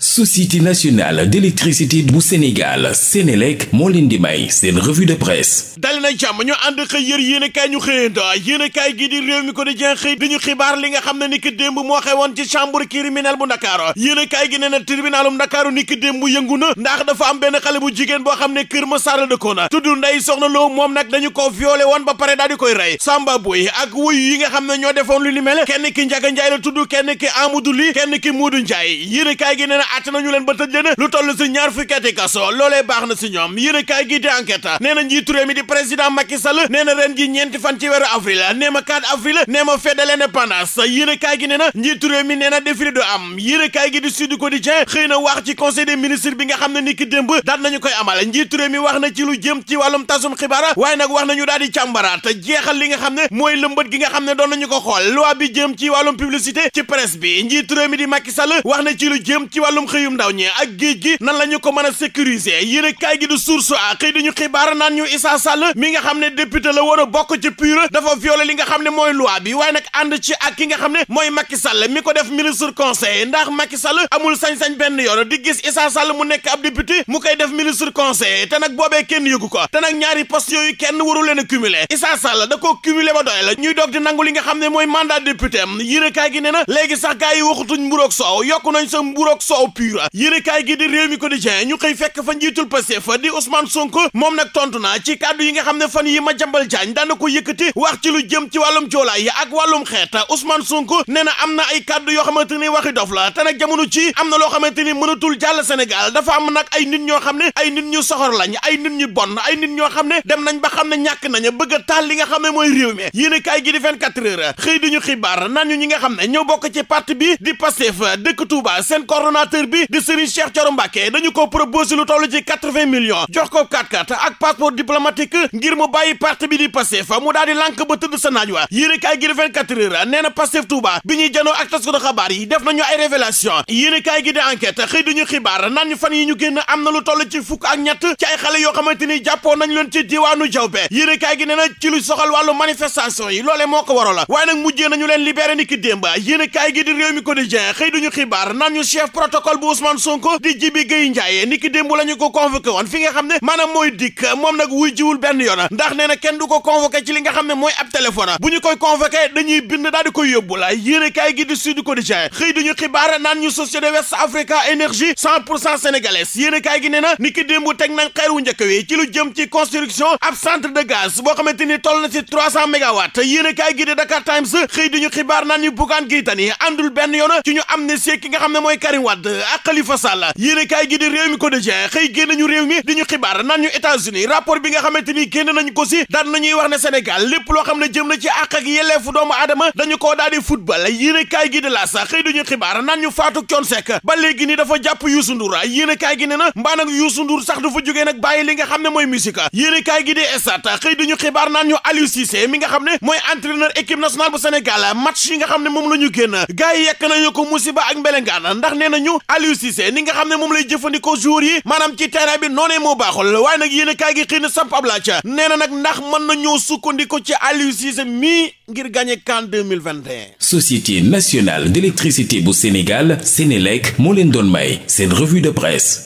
société nationale d'électricité bu Sénégal Sénélec moo leen di may seen revue de presse dali na jàmm ñu ànd xëy yër yéenekaay ñu xëyanto yéenekaay gi di réew mi ko di jen xëy di ñu xibaar li nga xam ne ni ki démb moo xewoon ci chambre criminelle bu Ndakaaru yéenekaay gi nee na tribunalum Ndakaaru nikk démb yëngu na ndax dafa am benn xale bu jigéen boo xam ne Kër ma Massar la dëkkoona tudd nday Soxna Lo moom nag dañu ko violé woon ba pare daal di koy rey Samba Boy ak wuyu nga xam ne ñoo defoon lu li mel kenn ki Njaga Njaay la tudd kenn ki Amadou Li kenn ki Moodu Njaay yéenekaay gi àtt nañu leen ba tëj leen lu toll si ñaar fukki ati kaso loolee baax na si ñoom yéen a kaay gi di enquête nee na mi di président Macky Sall nee na ren ji ñeenti fan ci weeru avril nee ma 4 avril nee ma fête de l'indépendance yéen kaay gi nee na njiitu mi nee na défilé du am yéen a kaay gi di Sud Quotidien xëy na wax ci conseil ministre bi nga xam ne ni ki démb nañu koy amal njiitu réew mi wax na ci lu jëm ci wàllum tasum xibaar waaye nag wax nañu daal di càmbaraat jeexal li nga xam ne mooy lëmbët gi nga xam ne doon nañu ko xool loi jëm ci wàllum publicité ci presse bi njiitu mi di Macky Sall wax na ci lu jëm ci wàllum wàllum xëyum ndaw ñi ak géej gi nan la ñu ko mën a sécuriser yéen kaay gi du source a xëy dañu xibaar naan ñu Issa Sall mi nga xam ne député la war a bokk ci PUR dafa violé li nga xam ne mooy loi bi waaye nag ànd ci ak ki nga xam ne mooy Macky Sall mi ko def ministre conseil ndax Macky Sall amul sañ-sañ benn yoon di gis Issa Sall mu nekk ab député mu koy def ministre conseil te nag boobee kenn yëgu ko te nag ñaari poste yooyu kenn waru leen a cumuler Issa Sall da ko cumuler ba doy nangu li nga xam ne mooy mandat député am yéen na léegi sax gars yi waxutuñ mburoog yokku nañ sa mburoog soow coow pur yéene kaay gi di réew mi quotidien ñu xëy fekk fa njiitul Pastef di Ousmane Sonko moom nag tontu na ci kàddu yi nga xam ne fan yi ma jambal jaañ daana ko yëkkati wax ci lu jëm ci wàllum joolaa yi ak wàllum xeet Ousmane Sonko nee na am na ay kàddu yoo xamante ni waxi dof la te nag jamono ci am na loo xamante ni mënatul jàll Sénégal dafa am nag ay nit ñoo xam ne ay nit ñu soxor lañ ay nit ñu bon ay nit ñoo xam ne dem nañ ba xam ne ñàkk a promoteur bi di Serigne Cheikh Thioro Mbacké dañu ko proposé lu toll ci quatre-vingts millions jox ko 4 x ak passeport diplomatique ngir mu bàyyi parti bi di Pastef mu daal di lànk ba tëdd wa yéenekaay gi di 24 heures nee na Pastef bi ñuy janoo ak taskatu xabaar yi def nañu ay révélation yéenekaay gi di enquête xëy dañu xibaar naan fan yi ñu génn am na lu toll ci fukk ak ñett ci ay xale yoo xamante ni jàppoon nañ leen ci diwaanu Diawbe yéenekaay gi nee na ci protocole bu Ousmane Sonko di Jibi Gueye Ndiaye ni ki démb la ñu ko convoqué woon fi nga xam ne maanaam mooy dikk moom nag wuy jiwul benn yoon ndax nee na kenn du ko convoqué ci li nga xam ne mooy ab téléphone bu ñu koy convoqué dañuy bind daal di koy yóbbu la yéene kaay gi di Sud Quotidien xëy duñu xibaar naan ñu société West Africa Énergie cent pour cent sénégalaise yéene kaay gi nee na ni ki démb teg nañ xeer wu njëkk wi ci lu jëm ci construction ab centre de gaz boo xamante ni toll na ci trois cent mégawatts yéene kaay gi di Dakar Times xëy duñu xibaar naan ñu Bougane Gueye Dany àndul benn yoon ci ñu amnistie ki mooy Karim Wade ak Khalifa Sall yéen a kaay gi di réew mi ko di jeex xëy génn ñu réew mi di ñu xibaar naan ñu États-Unis bi nga xamante ni génn nañu ko si daan nañuy wax ne Sénégal lépp loo xam ne jëm na ci àq ak yelleefu doomu aadama dañu koo daal di football yéen a kaay gi di laas xibaar naan ñu Fatou Thione ba léegi ni dafa jàpp Youssou Ndour yéen a kaay gi ne na mbaa nag Youssou Ndour sax du fa jógee nag li nga xam ne mooy musique yéen a kaay gi di mi nga xam ne mooy entraîneur équipe nationale bu Sénégal nga xam ne moom la ñu génn gars yi yekk nañu ko musiba ak mbelengaan ndax moom Aliou ninga xam ne moom lay jëfandikoo jour yi maanaam ci terrain bi noonee moo baaxul waaye nag yéen a kaay gi xëy na samp ab nee na nag ndax mën na ñoo sukkandiku ci Aliou Cissé mii ngir gagné CAN 2021. Société nationale d'électricité bu Sénégal Sénélec moo leen doon may seen revue de presse.